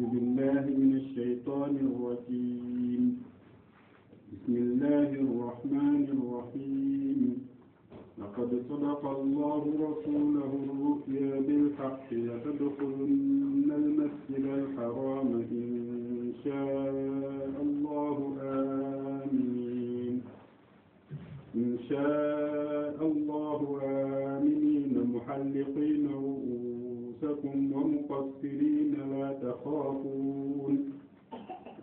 أعوذ بالله من الشيطان الرجيم بسم الله الرحمن الرحيم لقد صدق الله رسوله الرؤيا بالحق لتدخلن المسجد الحرام إن شاء الله آمين إن شاء الله آمنين محلقين منكم ومقصرين لا تخافون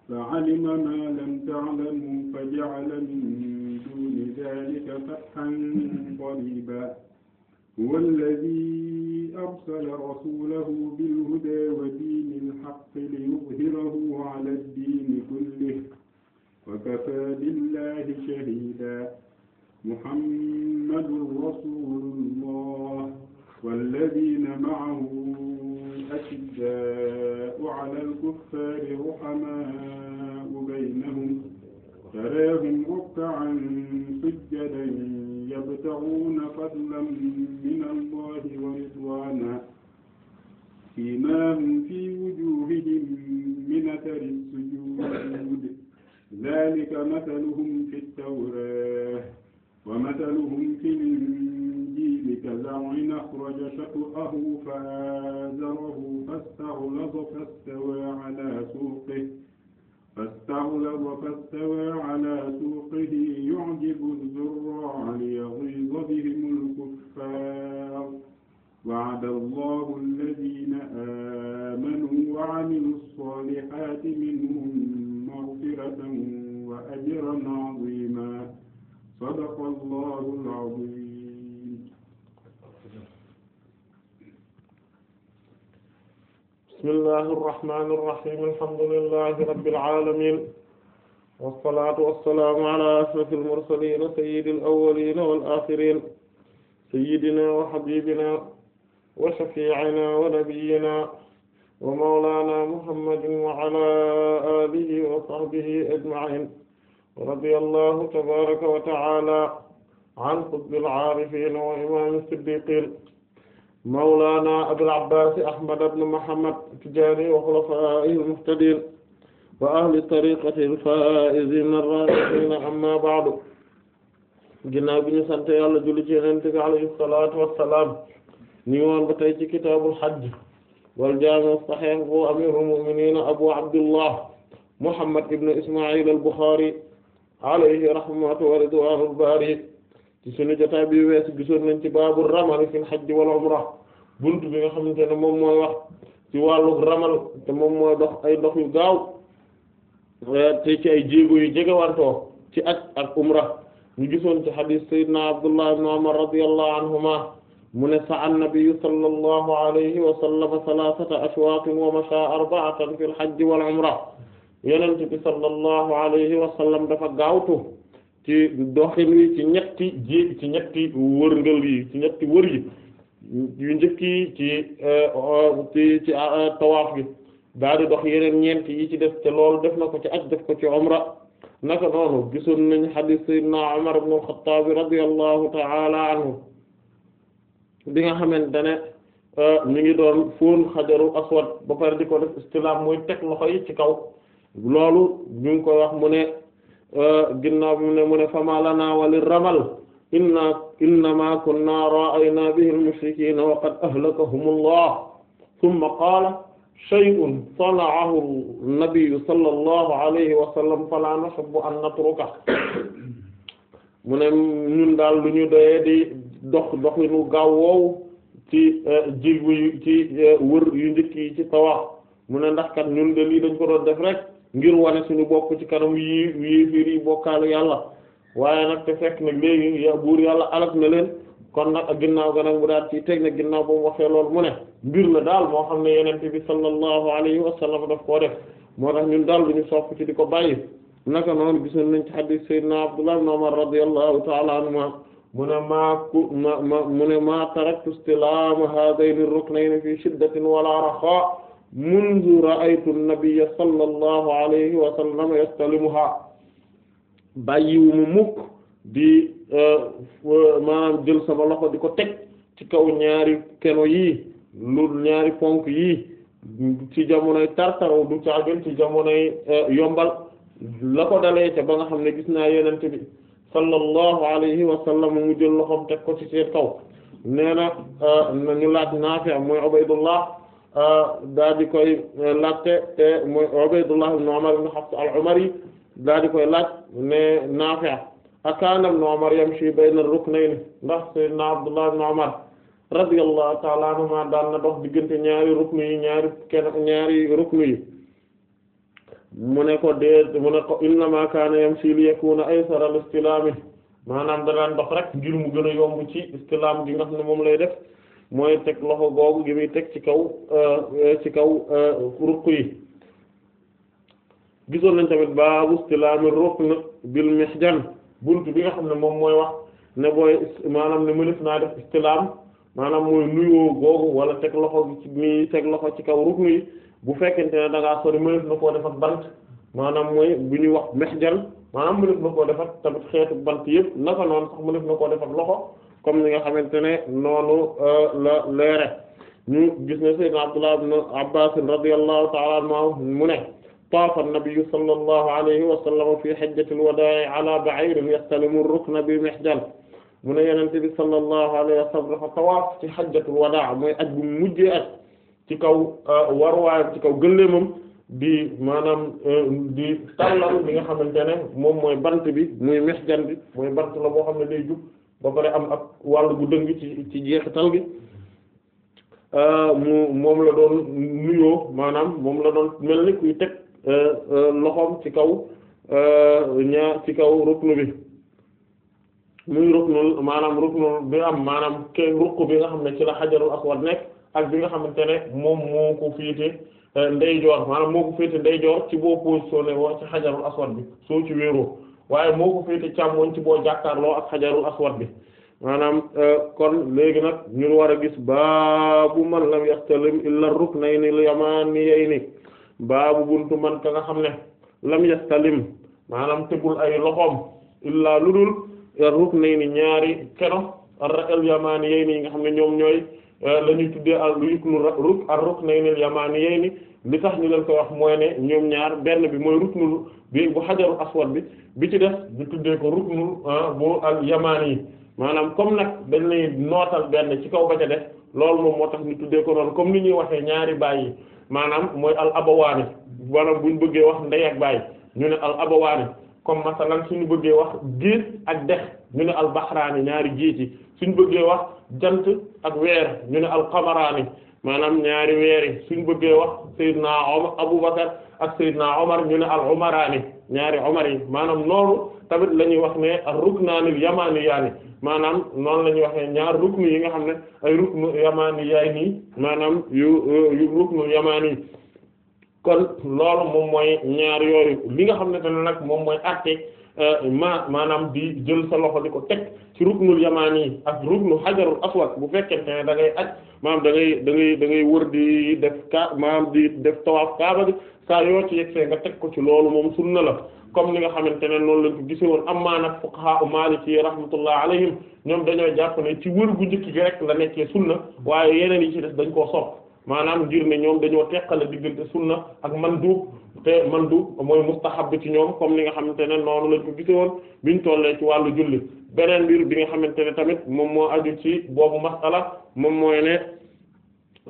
فعلم ما لم تعلموا فجعل من دون ذلك فتحا قريبا هو الذي أرسل رسوله بالهدى ودين الحق ليظهره على الدين كله وكفى بالله شهيدا محمد رسول الله والذين معه الأشداء على الكفار رحماء بينهم تراهم ركعا سجدا يبتغون فضلا من الله ورضوانا سيماهم في وجوههم من أثر السجود ذلك مثلهم في التوراة ومثلهم في الإنجيل الإنجيل كزرع أخرج شطأه فآزره فاستغلظ فاستوى على سوقه فاستغلظ فاستوى على سوقه يعجب الزراع ليغيظ بهم الكفار وعد الله الذين آمنوا وعملوا الصالحات منهم مغفرة وأجرا عظيما صدق الله العظيم bismillahi irrahmani irrahim alhamdulillahi rabbilalamin wassalatu wassalaamu ala ashraf almursalina sayidi alawalina walaxirin sayidina wa habibina wa shafi'ina wa nabiyina wa mawlana muhammadin wa ala alihi wa sahbihi ajma'in radiyallahu tabaraka wa ta'ala an qutbil aarifin wa imam siddiqin mawlana Abul Abbaas Ahmad ibn Muhammad Tijaani wa xulafaa'ihi al-muhtadiin wa ahli tariiqatihi al-faa'iziina ar-raabihiin ammaa ba'du ginnaaw bi ñu sant yàlla julli ci Yonent bi alayhi salaatu wa salaam ñu woon ba tey ci kitaabul hajj wal jaami' as-sahiih bu amiirul mu'miniin Abu Abdillah Muhammad ibn Ismaa'iil al-Bukhaari alayhi rahmatu wa ridwaanul baari ci suñu jotaay bi weesu gisoon nañ ci baabu ramal fil hajj wal umra bunt bi nga xamante ne moom mooy wax ci wàllu ramal te moom mooy dox ay dox yu gaaw eh, te ci ay jéego yu jegewantoo ci aj ak umra ñu gisoon ci hadith sayyidina Abdullah ibn Umar radiyallahu anhuma mu ne sa'a an-nabiyyu sallallahu alayhi wa sallam thalathata ashwaatin wa masha arba'atan fil hajj wal umra yonent bi sallallahu alayhi wa sallam dafa gaawtu ci doxin wi ci ñetti jéeg ci ñetti wërngal yi ci ñetti wër yi yu njëkk yi ci euh, ci ci euh, tawaaf bi daal dox yeneen ñeent yi ci def te loolu def na ko ci aj def ko ci umra naka noonu gisoon nañ xadiis sayyidina Umar ibn al-Khattab ta'ala anhu bi nga xamante ne euh, mi ngi doon fóon xajaru aswad ba pare di ko def istilaam mooy teg loxo yi ci kaw loolu ñu ngi koy wax mu ne ginnaaw bi mu ne mu ne fama lana walil ramal inna innama kunna ra'ayna bihi al-mushrikina wa qad ahlakahumullah thumma qala shay'un sana'ahu an-nabiyyu sallallahu alayhi wa sallam fala nuhibbu an natruka mu ne ñun daal lu ñu doyee di dox doxinu gaaw woowu ci eh, jilwu ci eh, wër yu njëkk yi ci tawaaf mu ne ndax kat ñun de lii dañ ko doon def rek ngir wane suñu bopp ci kanam yi yéeféer yi bokkaalu yàlla waaye nag te fekk nag léegi ya buur yàlla alak na leen kon nag ak ginnaaw ga nag mu daat ci teg nag ginnaaw waxee loolu mu ne mbir la daal moo xam ne yenente bi sallallahu alayhi wa sallam daf koo def moo tax ñun daal lu ñu sopp ci di ko bàyyi naka noonu gisoon nañ ci hadith sayyidina abdullah ibn umar radiyallahu ta'ala anhuma mu ne maa ku ma ma mu ne maa taraktu istilaam hadayni ruknayni fi shiddatin wala raxaa mundu ra'aytu an-nabiyya sallallahu alayhi wa sallam yastalimuha bàyyiwu mu mukk di maanaam jël sama loxo di ko teg ci kaw ñaari keno yi lu ñaari ponk yi ci jamonoy tartaro du caagen ci jamonoy yombal la dalee ca ba nga xam ne gis naa yenente bi sallallahu alayhi wa sallam mu jël loxom teg ko ci seen kaw nee na ñu laaj Naafi' mooy Ubaydullah daa koy laajte te muy Ubaydullah ibn Umar al-Umari daa koy laaj ne Naafi' akaana ibn Umar yamshi bayna ar-ruknayni ndax sayyidina Abdullah ibn Umar radiyallahu ta'ala anhuma daan na dox diggante ñaari ruknu yi ñaari kenn ñaari ruknu yi mu ne ko dee mu ne ko innama kaana yamshi li yakuna aysara al-istilaam maanaam da daan dox rek ngir gën a yomb ci istilaam gi moom lay def mooy teg loxo googu gi muy teg ci kaw euh, ci kaw euh, ruq yi gisoon nañ tamit baabu istilaami rukn bil mihjan buntu bi nga xam ne moom mooy wax ne booy maanaam ne mënees naa def istilaam maanaam mooy nuyoo googu wala teg loxo ci mi teg loxo ci kaw rukn yi bu fekkente ne dangaa ngaa sori mënees na koo defar bant maanaam mooy bu ñuy wax mihjan maanaam mënees na koo defar tamit xeetu bant yëpp naka noonu sax mënees na koo defar loxo comme ni nga xamante ne noonu euh, la leere ñu gis ne sayyidna Abdullah ibn Abbas radiyallahu ta'ala mu ne taafa an-nabiyyu sallallahu alayhi wa sallam fi hajjatil wadaa' ala ba'irin yastalimu ar-rukna bi mihjan mu ne yonent bi sallallahu alayhi wa sallam tawaaf ci hajjatul wadaa' mooy aj bu mujjee at ci kaw euh, warwaayam ci kaw gëléemam di maanaam euh, di tàllal bi nga xamante ne moom mooy bant bi muy mihjan bi mooy la boo xam ne day ba pare am ab wàll bu dëng ci ci jeex jeexital gi euh, mu moom la doon nuyoo maanaam moom la doon mel ni kuy teg euh, euh, loxoom ci kaw ñaar ci kaw ruknu bi muy ruknul maanaam ruknul bi am maanaam ke ruq bi nga xam ne ci la xajarul aswad nekk ak bi nga xamante ne moom moo ko féete ndeyjoor maanaam moo ko féete ndeyjoor ci boo positionné woo ci xajarul aswad bi soo ci wéeroo waaye moo ko féete càmmoñ ci boo jàkkaarloo ak xajarul aswad bi maanaam euh, kon léegi nag ñu war a gis baabu man lam yastalim illa ruknayni al yamaniyayni baabu buntu man ka nga xam ne lam yastalim maanaam tegul ay loxoom illaa lu dul euh, ruknayni ñaari keno al yamaniyayni yi nga xam ne ñoom ñooy euh, la ñuy tuddee al lu yuklu ruk ar ruknayni al yamaniyayni li tax ñu leen ko wax mooy ne ñoom ñaar benn bi mooy ruknul bi bu xajaru aswad bi bi ci def ñu tuddee ko ruknul ah, bu al yamaani yi maanaam comme nag dañ lay nootal benn ci kaw ba ca def loolu moom moo tax ñu tuddee ko noonu comme ni ñuy waxee ñaari baay yi maanaam mooy al abawaani maanaam ñu bëggee wax ndey ak baay ñu ne al abawaani comme masalan suñu bëggee wax géej ak dex ñu ne al baxraani ñaari géej yi suñu bëggee wax jant ak weer ñu ne al qamaraani maanaam ñaari weer yi suñ bëggee wax Seydina Omar Aboubacar ak Seydina Omar ñu ne al Omaraani ñaari Omar yi maanaam noonu tamit la ñuy wax ne al naa yamaani yaani maanaam noonu la ñuy wax ne ñaar ruknu yi nga xam ne ay ruknu yamaani yaay nii maanaam yu yu ruknu yamaani kon loolu moom mooy ñaar yooyu li nga xam ne tamit nag moom mooy àtte Euh, ma maanaam di jël sa loxo di ko teg ci yamaan yamaani ak ruknu xajarul aswad bu fekkente ne da ngay aj maanaam da ngay da ngay da ngay wër di def ka maanaam di def tawaaf kaaba bi saa yoo ci yegg nga teg ko ci loolu moom sunna la comme ni nga xamante ne noonu lañ ko gise woon amma nag fuqaha u maliki rahmatullah alayhim ñoom dañoo jàpp ne ci wër gu njëkk gi rek la nekkee sunna waaye yeneen yi ci def dañ koo sopp maanaam ngir ne ñoom dañoo teqale diggante sunna ak man du te du mooy mustahab ci ñoom comme li nga xamante ne noonu lañ ko gise woon biñ tollee ci wàllu julli beneen biir bi nga xamante ne tamit moom moo aju ci boobu masala moom mooy ne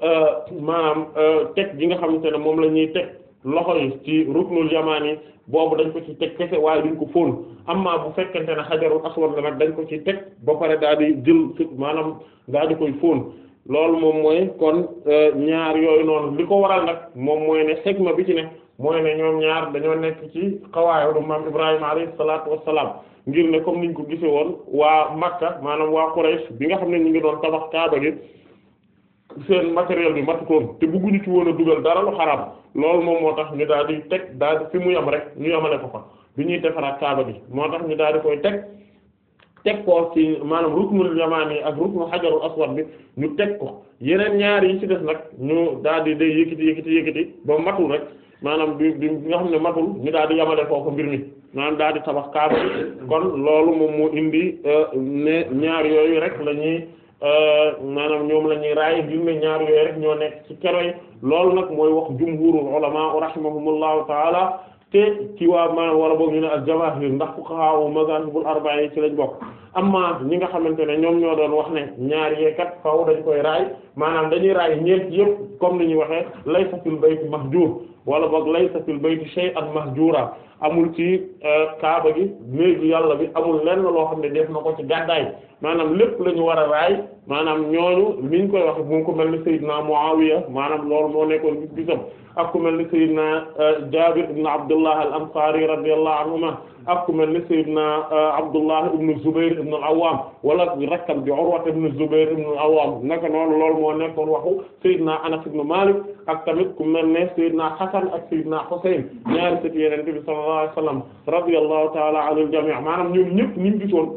euh, maanaam euh, teg gi nga xamante ne moom la ñuy teg loxo yi ci ruknul yamaani yi boobu dañ ko ci teg kese waaye duñ ko fóon amma bu fekkente ne xajarul aswad la nag dañ ko ci teg ba pare daal di jël maanaam daal di koy fóon loolu moom mooy kon euh, ñaar yooyu noonu li ko waral nag moom mooy ne ma bi ci ne mooy ne ñoom ñaar dañoo nekk ci xawaayu maam Ibrahima alayhi salaatu wassalaam ngir ne comme niñ ko gisee woon waa Makka maanaam waa Quraysh bi nga xam ne ñu ngi doon tabax Kaaba gi seen matériel bi matukoon te bëgguñu ci woon a dugal dara lu xaraam loolu moom moo tax ñu daal di teg daal di fi mu yam rek ñu yamale ko fa bi ñuy defaraat Kaaba gi moo tax ñu daal di koy teg. teg ko ci maanaam ruknul yamaani ak ruknu xajarul aswad bi ñu teg ko yeneen ñaar yi ci des nag ñu daal di day yëkkati yëkkati yëkkati ba matul rek maanaam bi bi nga xam ne matul ñu daal di yamale foofu mbir mi maanaam daal di tabax kaaba bi kon loolu moom moo indi euh, ne ñaar yooyu rek la ñuy euh, maanaam ñoom la ñuy raay ngir ne ñaar yooyu rek ñoo nekk ci kero yi loolu nag mooy wax jumhurul ulama rahimahumullahu taala te ci waa maanaam wala boog ñu ne al-jamaahir ndax fuqahaa mazaahibul arba'a yi ci lañ bokk amma ñi nga xamante ne ñoom ñoo doon wax ne ñaar yeekat faaw dañ koy raay maanaam dañuy raay ñeent yëpp comme ni ñuy waxee laysa fil bayt mahjuur wala boog laysa fil bayt shay'an mahjuura amul ci euh, kaaba gi néegu yàlla bi amul lenn loo xam ne def na ko ci gàddaay maanaam lépp la ñu war a raay maanaam ñooñu liñ koy wax bu ko mel ni Seydina Muawiya maanaam loolu moo nekkoon gis-gisam ak ku mel ni sayyidina euh, Jaabir ibn Abdullah al-Ansari radiyallahu anhuma ak ku mel ni sayyidina euh, Abdullah ibn Zubair ibn al-Awwam wala rakkam di Urwa ibn Zubair ibn al-Awwam naka noonu loolu moo nekkoon waxu sayyidina Anas ibn Malik ak tamit ku mel ne sayyidina Hasan ak sayyidina Husayn ñaari sët Yonent bi sallallahu alayhi wasallam radiyallahu ta'ala anil jami' maanaam ñoom ñëpp ñu gisoon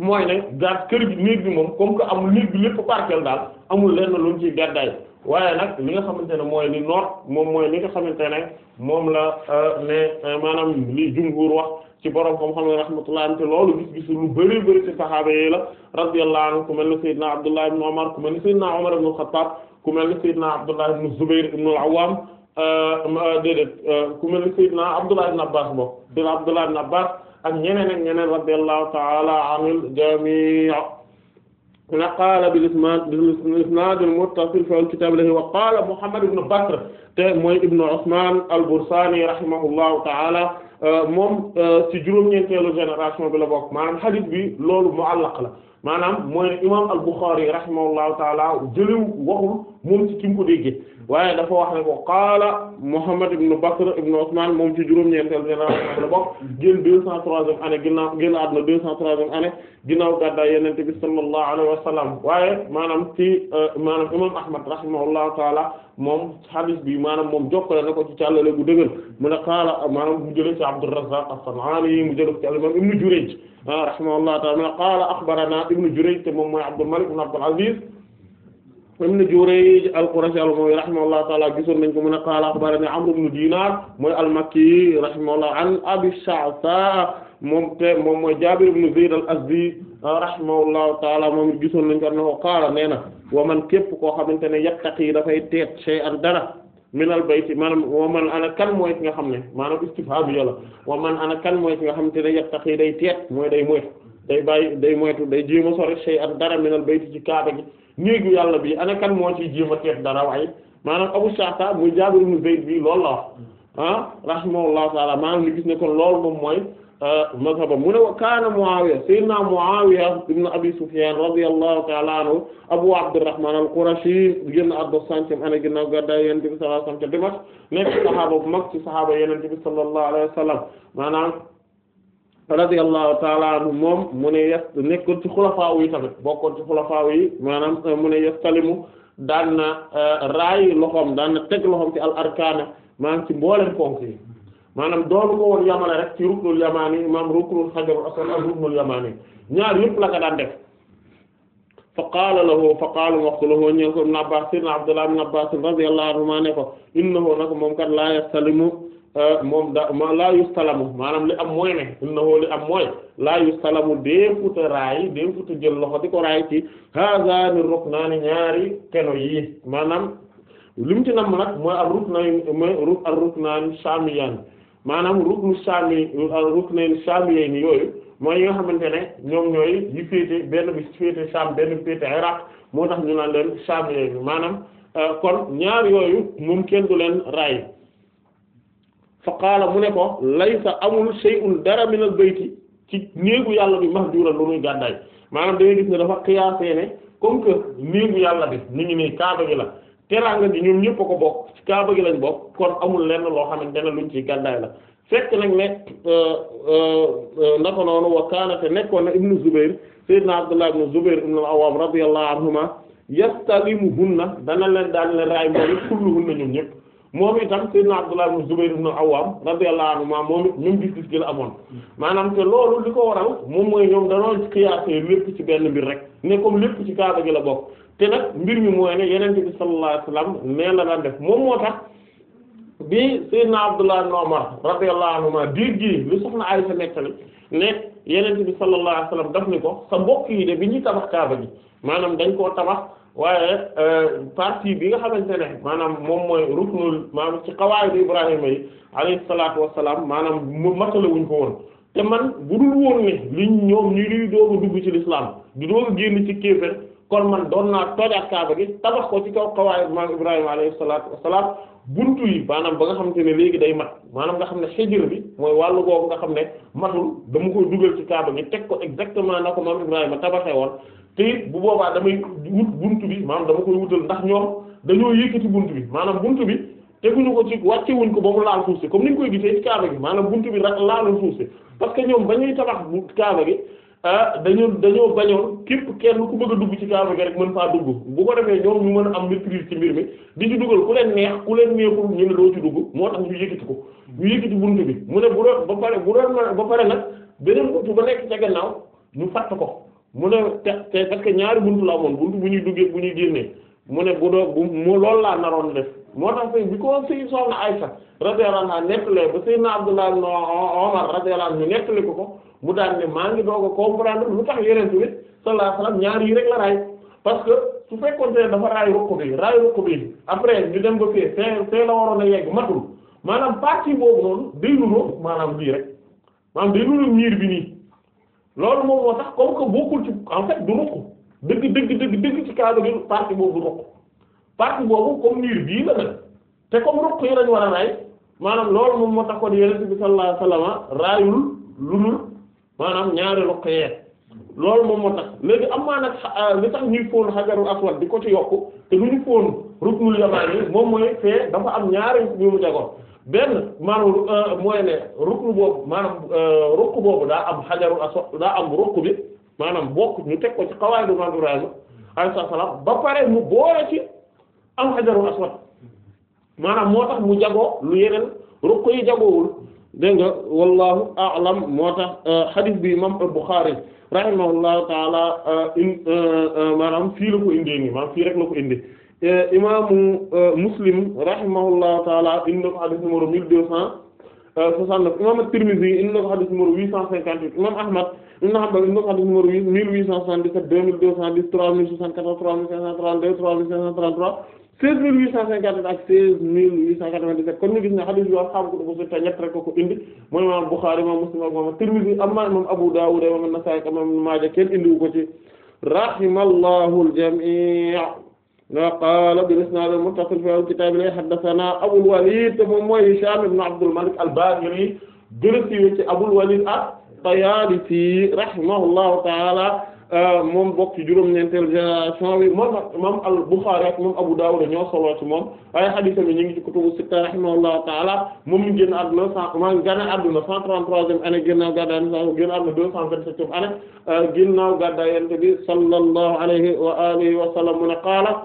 mooy ne daal kër gi néeg bi moom comme que amul néeg bi lépp barkeel daal amul lenn lu ñu ciy gàddaay waaye nag li nga xamante ne mooy li noot moom mooy li nga xamante ne moom la euh, ne euh, maanaam li jumhur wax ci borom xam-xam ne rahmatullah am te loolu gis-gisu lu bëri bëri ci saxaaba yi la radiyallahu anhu ku mel ni Seydina Abdullah ibn Umar ku mel ni Seydina Umar ibn Khattab ku mel ni Seydina Abdullah ibn Zubayr ibn al-Awwam euh, déedéet ku mel ni Seydina Abdullah ibn Abbas bokk Seydina Abdullah ibn Abbas ak ñeneen ak ñeneen radiyallahu ta'ala anil jami' mu ne qaala bil isnaad al muttasil fi al-kitaab ilayhi wa qaala Muhammad ibn Bakr te mooy ibn Usmaan al-Bursaani rahimahullahu ta'ala moom ci juróom-ñeenteelu génération bi la bokk maanaam hadith bi loolu mu'allaq la maanaam mooy imaam al-Bukhari rahimahullahu ta'ala jëliw waxul. moom ci ki mu ko déggee waaye dafa wax ne ko qaala Muhammad ibn Bakr ibn Usman moom ci juróom-ñeenteel génération la bokk génn deux cent troisième année ginnaaw génn àdduna deux cent troisième année ginnaaw gàddaay Yonent bi sallallahu alayhi wa sallam waaye maanaam ci euh, maanaam imam Ahmad rahimahullahu taala moom hadith bi maanaam moom jokkale na ko ci càllale gu dëgër mu ne qaala maanaam mu jëlee ci Abdurrazzaq as-San'ani mu jëlee ci al-imam Ibn Jurayj ah, rahimahullahu taala mu ne qaala akhbarana Ibn Jurayj te moom mooy Abdul Malik ibn Abdul Aziz ibn Jurayj al-Qurashi al-Umawi rahimahullahu ta'ala gisoon nañ ko mu ne qaala akhbarana Amr ibn Dinar mooy al-Makki rahimahullah an Abi Sha'tha moom te moom mooy Jaabir ibn Zayd al-Azdi rahimahullahu ta'ala moom gisoon nañ ko annahu qaala nee na wa man képp koo xamante ne yattaqi dafay teet shay'an dara min al-bayt maanaam wa man ana kan mooy ki nga xam ne maanaam istifhaam yàlla wa man ana kan mooy ki nga xamante ne yattaqi day teet mooy day moytu day bàyyi day moytu day jéem a sori sey ak dara minal bayti ci kaaba gi bi ana kan moo ciy jéem a teet dara waaye maanaam Abu Shatta muy Jaabir ibn Zayd bi loolu la wax ah rahimahullahu taala maanaam ni gis ne kon loolu moom mooy euh, mazhaba mu ne wa kaana Muawiya sayyidina Muawiya ibn Abi Sufyan radiyallahu ta'ala anhu Abu Abdurrahman al-Qurashi génn àdduna centième année ginnaaw gàddaay Yonent bi sallallahu alayhi wa sallam ca Dimashq nekk saxaaba bu mag ci saxaaba Yonent bi sallallahu alayhi wa sallam maanaam radiyallahu taala anhu moom mu ne yes nekkoon ci xulafaaw yi tamit bokkoon ci xulafaaw yi maanaam euh, mu ne yes talimu daan na euh, raay loxoom daan na teg loxoom ci al arkaana ci mboolem ponk yi maanaam doonu ko woon yamale rek ci ruknul yamaani maam ruknul xajarul ruknul yamaani ñaar yëpp la ko daan def fa qaala lahu fa qaala waxtu lahu ñeen ko ibn Abbaas ibn Abdullah ibn Abbaas radiyallahu anhu maa ko moom kat la yastalimu Euh, moom da ma laa yustalamu maanaam li am mooy ne innahu li am mooy laa yustalamu deefuta raay deefuta jël loxo di ko raay ci haazani ruknaani ñaari keno yi maanaam limu ti nam nag mooy ar ruknayn mooy saamiyaan maanaam ruknu saami ar ruknayn yooyu mooy yi nga xamante ne ñoom ñooy yi féete benn féete Saam benn féete Iraq moo tax ñu naan leen saamiyeen maanaam euh, kon ñaar yooyu moom kenn du leen raay fa qaala mu ne ko laysa amul shay'un dara min al bayti ci néegu yàlla bi mahjuran lu muy gàddaay maanaam da ngay gis ne dafa xiyaasee ne comme que néegu yàlla bi ñu ngi ne kaaba gi la teraanga gi ñoom ñëpp ko bokk ci kaaba gi lañ bokk kon amul lenn loo xam ne luñ ci gàddaay la fekk nag ne euh, euh, naka noonu wa kaana te nekkoon na ibnu Zubayr sayyidna Abdullah ibnu Zubayr ibnu al-Awwam radiyallahu dana leen daan leen raay moom it kulluhunna ñoom ñëpp moom itam sayyidna Abdullah ibn Zubayr ibn Awwam radiyallahu anhu maa moom it même gis-gis gi la amoon maanaam te loolu li ko waral moom mooy ñoom danoo xiyaasee lépp ci benn mbir rek ne comme lépp ci kaaba gi la bokk te nag mbir mi mooy ne yenente bi sallallahu alayhi wasallam la daan def moom moo tax bi sayyidna Abdullah ibn Umar radiyallahu anhuma diir gi li soxna Aysa nettali ne yenente bi sallallahu alayhi wasallam daf ni ko sa mbokk yi de bi ñuy tabax kaaba gi maanaam dañ koo tabax waaye euh, partie bi nga xamante ne maanaam moom mooy ruknul maanaam ci xawaayidu Ibrahima yi alayhi salaatu wassalaam maanaam mu matale wuñ ko woon te man bu dul woon ne liñ ñoom ñu liy doog a dugg ci lislaam di doog a génn ci kéefér kon man doon naa toojaat kaaba gi tabax ko ci kaw xawaayidu maanaam Ibrahima alayhi salaatu wassalaam buntu yi maanaam ba nga xamante ne léegi day mat maanaam nga xam ne xijir bi mooy wàllu googu nga xam ne matul dama koy dugal ci kaaba gi teg ko exactement na ko maam Ibrahima tabaxee woon te bu boobaa damay wut buntu bi maanaam dama koy wutal ndax ñoom dañoo yëkkati buntu bi maanaam buntu bi teguñu ko ci wàcce wuñ ko ba mu laal suuf comme ni ñu koy gisee ci kaaba gi maanaam buntu bi ra laalul suuf si parce que ñoom bañuy tabax bu kaaba gi ah dañoo dañoo bañoon képp kenn ku bëgg a dugg ci kaaba gi rek mën faa dugg bu ko defee ñoom ñu mën a am maîtrise ci mbir mi di ci dugal ku leen neex ku leen neexul ñu ne doo ci dugg moo tax ñu yëkkati ko ñu yëkkati buntu bi mu ne bu doon ba pare bu doon ba pare nag beneen buntu ba nekk ca gannaaw ñu fatt ko mu ne te te parce que ñaari buntu la amoon buntu bu ñuy duggee bu ñuy génnee mu ne bu doog mu loolu laa naroon def moo tax sëy bi ko sëy soxna Aysa radiyallahu anha nettalee ba sayyidna Abdullah ibn Umar radiyallahu anhu nettali ko ko mu daan ne maa ngi doog a comprendre lu tax yeneen bi sallallahu alayhi wasallam ñaar yi rek la raay parce que su fekkoon te dafa raay rukk bi raay rukk bi après ñu dem ba fee fee la waroon a yegg matul maanaam partie boobu noonu day nunoo maanaam lii loolu moom moo tax comme que bokkul ci en fait du ruq dëgg dëgg dëgg ci kaaba gi partie boobu du ruq partie boobu comme niir bii la nag te comme ruq yi lañ war a raay maanaam loolu moom moo tax kon yonent bi sallallahu alayhi wasallam raayul lulul maanaam ñaari ruq yee loolu moom moo tax léegi am maa nag euh, li tax ñuy fóon xajarul aswad di ko ci yokk te lu ñu fóon ruknul yamaani moom mooy fee dafa am ñaari ñu mu tegoon benn maanaam euh, mooy ne ruknu boobu maanaam euh, rukk boobu daa am xajarul aswad daa am rukk bi maanaam bokk ñu teg ko ci xawaayidu Maam Ibrahima alayhi salaam ba pare mu boole ci am xajarul aswad maanaam moo tax mu jagoo lu yeneen rukk yi jagoowul dégg nga wallahu a'lam moo tax hadith euh, bi imam Bukhari rahimahullahu taala in maanaam fii la ko indee nii maanaam fii rek la ko indi imaamu euh, Muslim rahimahullahu taala indi na ko xadis numéro mille deux cent soixante-neuf imam At-Tirmidhi indi na ko xadis numéro huit cent cinquante-huit imam Ahmad ibn Hanbal indi na ko xadis numéro mille huit cent soixante-dix-sept deux mille deux cent dix trois mille soixante-quatorze trois mille cinq cent trente-deux trois mille cinq cent trente-trois seize mille huit cent cinquante ak seize mille huit cent quatre-vingt-dix-sept kon ñu gis ne xadis bi wax xam ko dafa sutta ñett rek ko indi mooy imam Bukhari imam Muslim ak imam At-Tirmidhi amma imam Abu Dawud imam An-Nasa'i ak imam Ibn Maaja kenn indiwu ko ci rahimallahu al-jami' na qaala bil isnaad al muttasil fi al kitaab li haddasanaa Abul Waliid te moom mooy Hishaam ibn Abdul Malik al-Baahili gën a siiwee ci Abul Waliid at-Tayaalisi rahimahullahu ta'aala moom bokk ci juróom-ñeenteel génération bi moom moom al-Bukhari ak moom Abu Dawud ñoo solo ci moom waaye hadiis mi ñu ngi ci kutubu sitta rahimahullahu ta'ala moom mi génn àdduna cent ma gane àdduna cent trente-troisième année ginnaaw gàddaay génn àdduna deux cent vingt-septième année ginnaaw gàddaay Yonent bi sallallahu alayhi wa alihi wa sallam mu ne qaala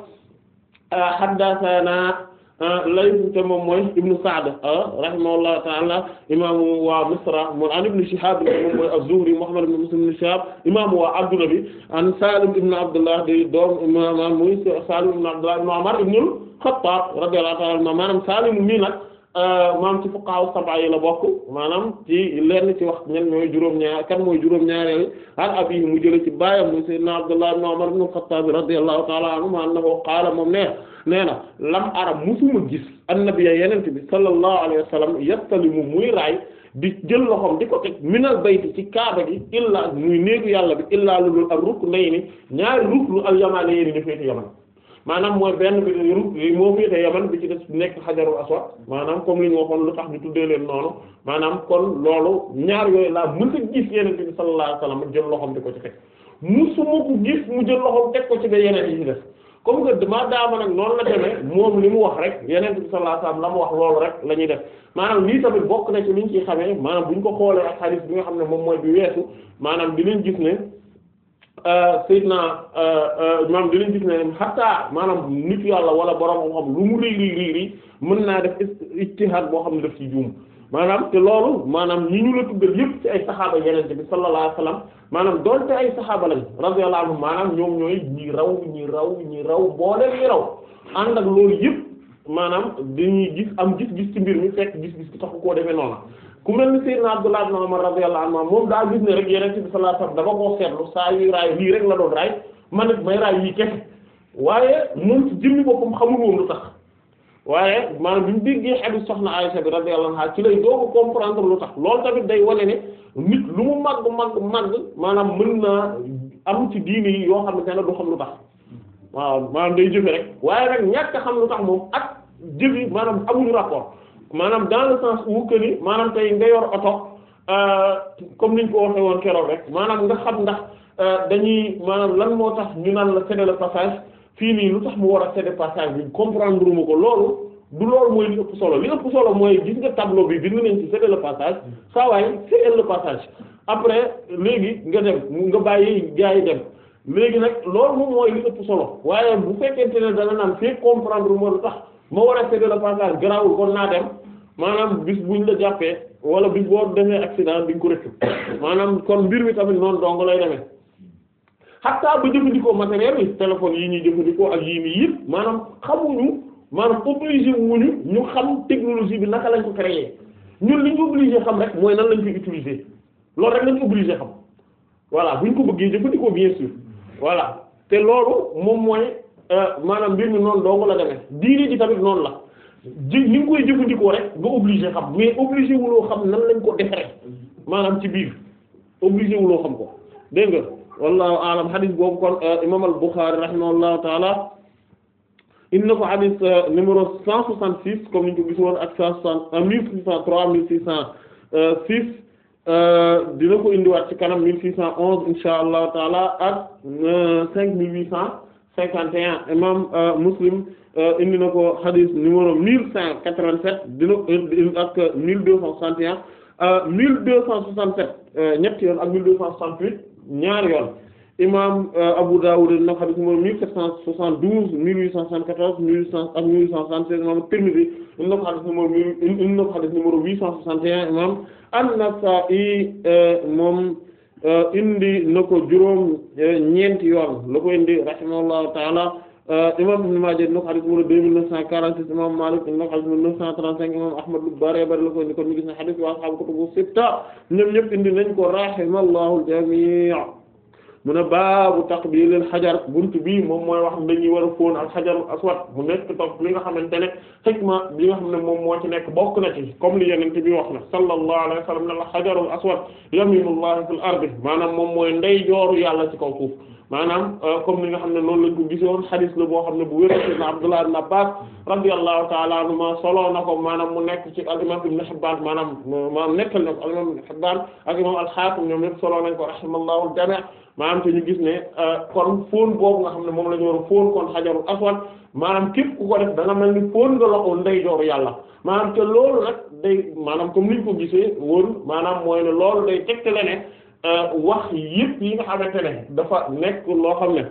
haddathana ah, Layth te moom mooy ibnu Sa'd ah, rahimahullahu ta'ala imaamu waa Misra mu an ibnu Shihab moom mooy az-Zuhri Muhammad ibn Muslim ibn Shihab imaamu waa Abdullah bi an Salim ibn Abdullah di doom maanaam ah, muy Salim ibn Abdullah ibn Umar ibn al-Khattab radiyallahu ta'ala anhu maanaam Salim mi nag Euh, maam ci fuqaaw sabaa yi la bokk maanaam ci lenn ci wax ñen mooy juróom-ñaar kan mooy juróom-ñaareel an abi mu jële ci baayam muy sayyidina Abdullah ibn Umar ibn al-Khattab radiyallahu ta'ala anhu annahu qaala moom nee nee na lam ara musuma gis annabiya yenente bi sallallahu alayhi wa sallam yattalimu muy raay di jël loxoom di ko teg minal bayti ci kaaba gi illaa muy néegu yàlla bi illaa lulul ak ruknayni ñaari ruknu al-yamani yéeni ñu féeti yaman maanaam mooy benn bi yu moo féete yaman bi ci des nekk xajarul aswad maanaam comme li ñu waxoon lu tax ñu tuddee leen noonu maanaam kon loolu ñaar yooyu laa mënta gis yeneen bi sallallahu alayhi wasallam jël loxoom di ko ci teg musuma ko gis mu jël loxoom teg ko ci ba yeneen yi ci des comme que dama daama nag noonu la demee moom li mu wax rek yeneen bi sallallahu alayhi wasallam la mu wax loolu rek la ñuy def maanaam lii tamit bokk na ci liñ ciy xamee maanaam bu ñu ko xoolee ak bi nga xam ne moom mooy bi weesu maanaam di leen gis ne Euh, Seydina euh, euh, maanaam dinañ gis na ne xataa maanaam nit yàlla wala borom xam lu mu rii rii mën naa def ijtihaad boo xam ne daf ci juum maanaam te loolu maanaam ñi ñu la tuddal yëpp ci ay saxaaba yeneen bi sallallahu alayhi wasallam maanaam doonte ay saxaaba lañ radiyallahu maanaam ñoom ñooy ñii raw ñi raw ñi raw boole ñi raw ànd ak loolu yëpp maanaam dañuy gis am gis-gis ci mbir mi fekk gis-gis bi taxu koo defee noonu ku mel ni Seydina Abdullah ibn Umar radiyallahu anhu moom daa gis ne rek yeneen bi sallallahu alayhi wasallam dafa koo seetlu saa yuy raay lii rek la doon raay man it may raay yii kese waaye moom ci jëmmi boppam xamul woon lu tax waaye maanaam bi mu déggee xadiis soxna Aysa bi radiyallahu anha ci lay doogu comprendre lu tax loolu tamit day wane ne nit lu mu màgg mag màgg maanaam mën naa am ci diini yi yoo xam ne du xam lu tax waaw maanaam day jëfe rek waaye rek ñàkk xam lu tax moom ak jëf amuñu rapport maanaam dans le sens où que maanaam tey nga yor oto euh, comme ñu ko waxee woon keroog rek maanaam nga xam ndax euh, dañuy maanaam lan moo tax ñu naan la céder le passage fii nii lu tax mu war a céder passage bi comprendre mu ko loolu du loolu mooy solo li ëpp mooy gis nga tableau bi bind nañ ci céder le passage saa waay céder le passage après léegi nga dem nga bàyyi gaa yi dem. léegi nag loolu moom mooy li ëpp solo waaye bu fekkente ne dana naan fii comprendre moo tax ma war a céder le passage garaawul kon naa dem maanaam bis ñu la jàppee wala bi boo defee accident di nga ko rëccu maanaam kon mbir mi tamit noonu dong lay demee xataa ba jëfandikoo matériel yi téléphone yi ñuy jëfandikoo ak yii nii yëpp maanaam xamuñu maanaam obligé wuñu ñu xam technologie bi naka lañ ko créer ñun li ñu obligé xam rek mooy nan lañ ko utiliser loolu rek lañ obligé xam voilà buñ ko bëggee jëfandikoo bien sûr voilà te loolu moom mooy euh, maanaam mbir mi noonu dong la demee diine ji tamit noonu la. ji ni nga koy jëfandikoo rek nga obligé xam mais obligé wuloo xam nan lañ ko defaree maanaam ci biir obligé wuloo xam ko dégg nga wallahu alam hadith boobu kon euh, imam al Bukhari rahimahullahu taala in na ko hadith euh, numéro cent soixante six comme niñ ko gis woon ak cent soixante euh, mille six cent trois mille six cent six dina ko indiwaat ci kanam mille six cent onze insha allahu taala ak cinq mille huit cent cinquante et un imam euh, Muslim euh, indi na ko xadis numéro mille cent quatre-vingt-sept dina ak mille deux cent soixante et un euh, mille deux cent soixante-sept ñetti yoon ak mille deux cent soixante-huit ñaar yoon imam Abu Dawud dina ko xadis numéro mille sept cent soixante-douze mille huit cent soixante-quatorze mille huit cent cent seize imam Tirmidhi indi ko xadis numéro huit cent soixante et un imam An-Nasa'i moom Euh, indi na ko juróom eh, ñeenti yoon la ko indi rahimahullahu taala euh, imam Ibn Maaja na ko xadis numéro deux mille neuf cent quarante-six imam Maalik na ko xadis numéro neuf cent trente-cinq imam Ahmad lu bare bare la ko indi kon ñu gis na xadis wa ashaabu kutubu sitta ñoom ñëpp indi nañ ko rahimahullahu jami' mu ne baabu taqbilil xajar bunt bii moom mooy wax dañuy war a fóon ak xajarul aswad mu nekk topp li nga xamante ne xikma bi nga xam ne moom moo ci nekk bokk na ci comme li yenente bi wax na sallallahu alayhi wa sallam ne la xajarul aswad yaminullahi fil ardi maanaam moom mooy ndey jooru yàlla ci kaw suuf maanaam euh, comme ni nga xam ne noonu lañ ko la boo xam ne bu wér sayyidina Abdullah ibn Abbas radiyallahu na ko maanaam mu nekk ci al-imam Ibn Hibban maanaam maanaam nekkal na ko al-imam Ibn Hibban ak imam al gis ne euh, kon fóon boobu nga xam ne moom la ñu war a fóon kon xajarul aswad maanaam képp ku ko def da nga mel ni fóon nga loxo ndeyjooru yàlla maanaam te loolu ko gisee woon maanaam mooy ne loolu day tegtale ne Euh, wax yëpp yi nga xamante ne dafa nekk loo xam ne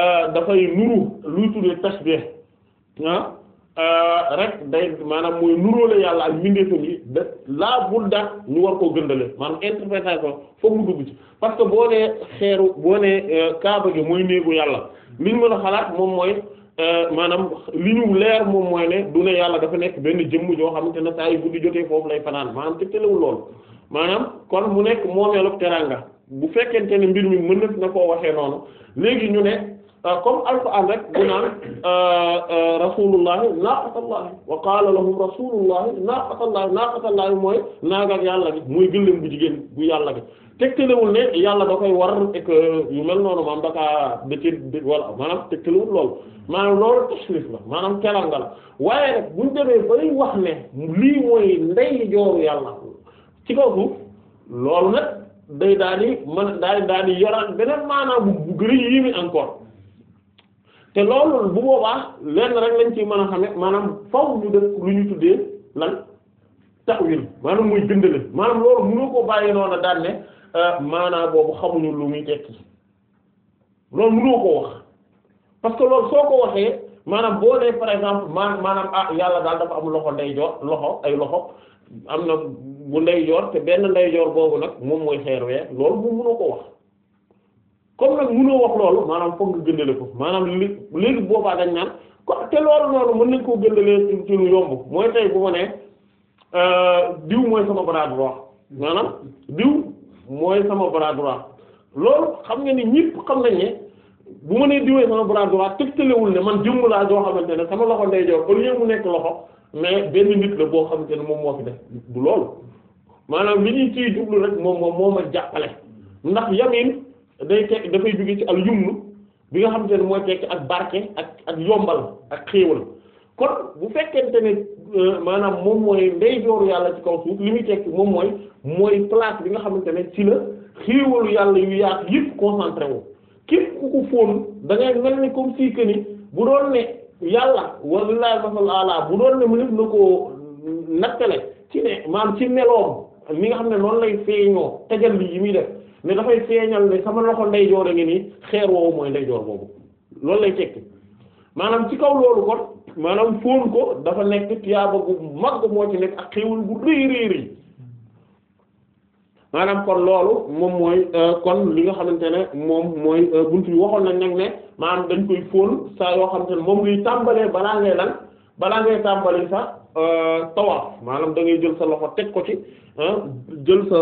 euh, dafay nuru luy tuddee tashbih ah, euh, rek day maanaam mooy nuróole yàlla ak mbindeefam yi da laa bul da ñu war koo gëndale maanaam interprétation foog mu dugg ci parce que boo nee xeeru boo nee kaaba gi muy néegu yàlla li ñu mën a xalaat moom mooy maanaam li ñu leer moom mooy ne du ne yàlla dafa nekk benn jëmm joo xamante ne saa yu guddi jotee foofu lay fanaan maanaam te telewul lool maanaam kon mu nekk moomeeluk teraanga bu fekkente ne mbir mi mën na koo waxee noonu léegi ñu ne euh, comme alquran rek bu naan euh, euh, rasulullahi naaqatallahi wa qaala lahum rasulullahi naaqatallahi naaqatallahi mooy naagak yàlla gi mooy gëléem bu jigéen bu yàlla bi tegtalewul ne yàlla da koy war ek yu mel noonu maam dakaa dëcc walla maanaam tegtalewul loolu maanaam loolu tashrif la maanaam teraanga la waaye rek buñ demee bay wax ne lii mooy ndey jooru ci kaw suuf loolu nag day daal di mën daal daal di yoraat beneen maanaam bu gëri yii mi encore te loolu bu boobaa lenn rek lañ ci mën a xame maanaam faw ñu def lu ñu tuddee lan ta'wil maanaam muy gëndale maanaam loolu mënoo koo bàyyi noonu daan ne euh, maanaam boobu xamuñu lu muy tekki loolu mënoo koo wax parce que loolu soo ko waxee maanaam boo dee par exemple maa maanaam ah yàlla daal dafa am loxo ndeyjoor loxo ay loxo am na bu ndeyjoor te benn ndeyjoor boobu nag moom mooy xeer wee loolu moom mënoo ko wax comme nag mënoo wax loolu maanaam foog nga gëndale ko maanaam li boobaa dañ naan ko te loolu mën nañ koo gëndalee ci ci lu yomb mooy tey bu ma ne euh, diw mooy sama bras maanaam diw mooy sama bras loolu xam nga ni ñëpp xam nañ ne. bu ma nee diwee sama waa droit tegtalewul ne man jëmm laa joo xamante ne sama loxo ndeyjoor au lieu mu nekk loxo mais benn nit la boo xamante ne moom moo fi def du maanaam li ñuy ciy jublu rek moom moom moo jàppale ndax yamin day dafay jóge ci al yumnu bi nga xamante ne mooy tekki ak barke ak ak yombal ak xéewal kon bu fekkente ne euh, maanaam moom mooy ndeyjooru yàlla ci kaw suuf li muy tekk moom mooy mooy place bi nga xamante ne ci la xéewalu yàlla yu yaat yëpp concentré wu képp ku ko fóon da ngay mel ni comme si ni bu doon ne yàlla wallaahi masal ala bu doon ne mu na koo nattale ci ne maam ci meloom mi nga xam ne noonu lay feeñoo tajal li yi muy def ne dafay feeñal ne sama loxo ndeyjoor a ngi nii xeer woowu mooy ndeyjoor boobu loolu lay tekki maanaam ci kaw loolu ko maanaam fóon ko dafa nekk tiyaaba gu mag moo ci nekk ak xéewal gu rëy rëy rëy maanaam kon loolu moom mooy euh, kon li nga xamante ne moom mooy euh, buntu bi waxoon nañ nag ne maanaam dañ koy fóon saa yoo xamante ne moom luy tàmbalee balaa ngay lan balaa ngay tàmbali sax euh, tawaaf maanaam da ngay jël sa loxo teg ko ci jël sa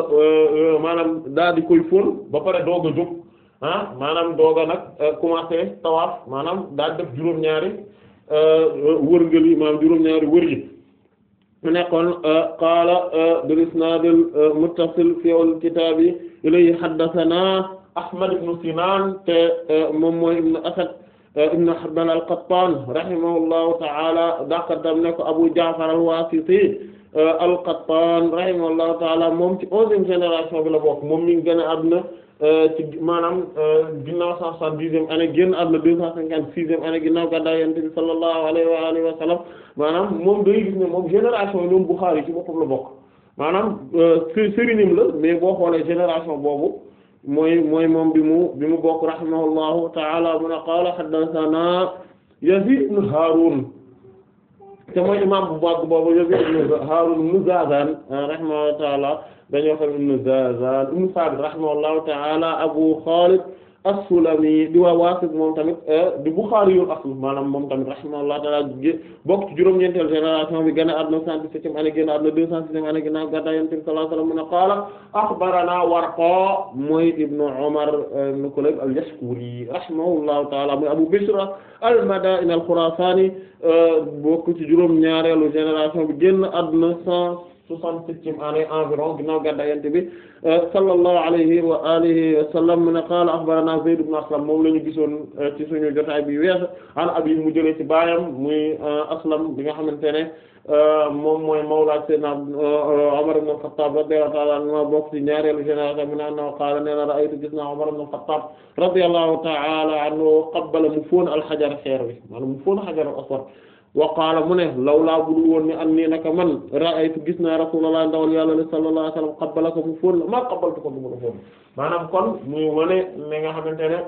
maanaam daal di koy fóon ba pare doog a jóg ah maanaam doog a nag commencé tawaaf maanaam daal def juróom-ñaari wërngël yi maanaam juróom-ñaari wër yi mu ne kon euh, qaala euh, bil isnaadil euh, muttasil fil kitaabi ilayhi haddasanaa Ahmad ibn Sinaan te moom mooy ibn Asad ibn Habban al-Qattaan rahimahullahu ta'ala daqatam ne ko Abu Ja'far al-Waasiti al-Qattaan rahimahullahu ta'ala moom ci onzième génération bi la bokk moom mi ngi gën a àdduna Euh, ci maanaam euh, ginnaaw cent soixante-dixième année génn àdduna deux cent cinquante-sixième année ginnaaw gàddaay Yonent bi sallallahu alayhi wa alihi wa moom day gis ne moom génération yi ñoom Bukhari ci boppam la bokk maanaam euh, sëriñam la mais boo xoolee génération boobu mooy mooy moom bi mu bi mu bokk rahimahullahu ta'ala mun a qaala haddathana Yazid ibn Harun te mooy imam bu bàgg boobu Yazid ibn Harun ibn Zazan rahimahullahu ta'ala dañu wax ibnu Zazan ibnu Sabit rahimahullahu ta'ala Abu Khalid as-Sulami di waa Wasif moom tamit eh, di Bukhari yul asl maanaam moom tamit rahimahullahu ta'ala bokk ci juróom-ñeenteelu génération bi gën a àdduna 117e année génn àdduna 206e année ginnaaw gàddaay Yonent bi sallallahu alayhi wa sallam qaala akhbarana Warqa mooy ibnu Umar ibn eh, Kulayb al-Yashkuri rahimahullahu ta'ala mooy Abu Bishr al-Madaini al-Khurasani eh, bokk ci juróom-ñaareelu génération bi génn àdduna soixante-septième année environ ginnaaw gàddaay Yonent bi euh, sallallahu alayhi wa alihi wa sallam mu ne qaala akhbarana Zayd Aslam moom lañu gisoon euh, ci suñu jotaay bi weesu an abi mu jële ci baayam muy euh, Aslam bi nga xamante ne moom mooy mawla Seydina Umar ibn al-Khattab radiyallahu ta'ala anhu bokk ci ñaareelu génération bi naan al-Khattab radiyallahu ta'ala anhu qabbala mu fóon al-hajar xeer wi maanaam mu fóon hajar al-aswad waqaala mu ne lawlaa bu dul woon ni am nii naka man ra'aytu gis naa rasulullah ndawal yàlla ne sallallahu alayhi wa sallam qabbalaka mu fóon la maa qabbaltu ko bu mu la maanaam kon muy wane ne nga xamante ne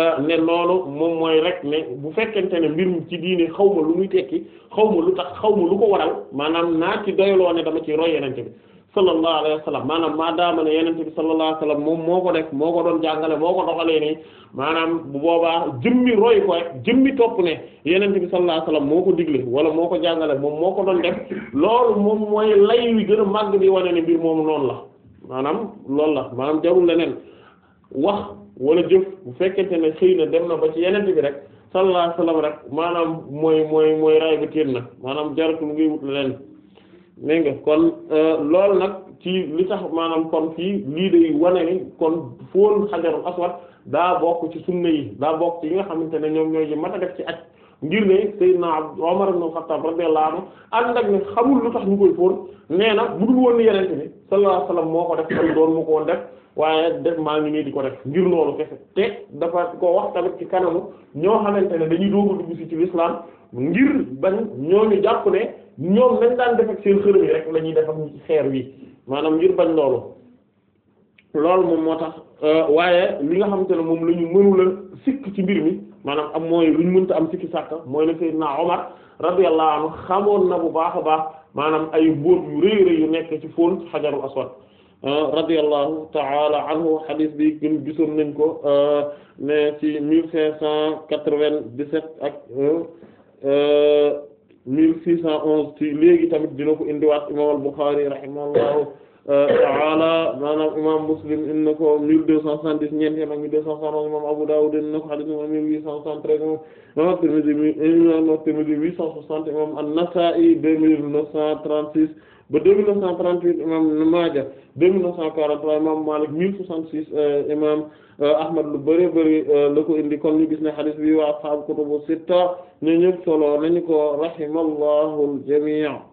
ah, ne loolu moom mooy rek ne bu fekkente ne mbir mu ci diine xaw ma lu muy tekki xaw ma lu tax xaw ma lu ko waral maanaam naa ci doyloo ne dama ci roy yenente bi sallallahu alayhi wa sallam maanaam maadaama ne yenente bi sallallahu alayhi wa sallam moom moo ko def moo ko doon jàngale moo ko doxalee nii maanaam bu boobaa jëmmi roy ko jëmmi topp ne yenente bi sallallahu alayhi wa sallam moo ko digle wala moo ko jàngale moom moo ko doon def loolu moom mooy lay gën a màgg bi wane mbir moom noonu la maanaam loolu la maanaam jarul leneen wax wala jëf bu fekkente ne xëy na ba ci yenente bi rek sallallahu alayhi wa rek maanaam mooy mooy mooy ray bi tiin na maanaam jaratul ngay wut leneen dégg nga kon euh, lool nag ci lu tax maanaam kon fii lii de wane ni kon fóon xajarul aswad daa bokk ci sunna yi daa bokk ci yi nga xamante ne ñoom ñooy yi mat a def ci aj ngir ne Seydina Omar ibn Khattab radiyallahu anhu ànd ak ne xamul lu tax ñu koy fóon nee na budul woon ni yenente bi sallallahu alayhi moo ko def xam doon ko woon def waaye def maa ngi nii di ko def ngir loolu kese te dafa ko wax tamit ki kanamu ñoo xamante ne dañuy dooga dugg si ci l'islam ngir bañ ñooñu jàpp ne ñoom nañ daan def ak seen xërëm yi rek la ñuy def ci xeer wi maanaam ngir bañ loolu loolu moom moo tax euh, waaye li nga xamante ne moom lañu ñu mënula sikk ci mbir mi maanaam am mooy luñ mënta am sikki sàkka mooy ne Seydina Omar radiyallahu anhu xamoon na bu baax a baax maanaam ay mbóot yu rëy rëy yu nekk ci fóon xajarul aswad euh, radiyallahu ta'ala anhu hadith bi gën gisoon nañ ko euh, ne ci mille cinq cent quatre-vingt-dix-sept ak euh, mille six cent onze ci léegi tamit dina ko indiwaat imam al Bukhari rahimahullahu taala maanaam imam Muslim in na ko mille deux cent soixante-dix ñeenteel ak mille deux cent soixante-onze imam Abu Dawud in na ko hadith numéro mille huit cent soixante huit imam an deux mille neuf cent trente-six ba deux mille neuf cent trente-huit imam Maaja deux mille neuf cent quarante-trois imam Malik mille soixante-six euh, imam euh, Ahmad lu bëri bëri euh, la ko indi kon ñu gis ne hadith bi wa ashab kutubu sitta ñu ñëpp solo nañu ko rahimallahu al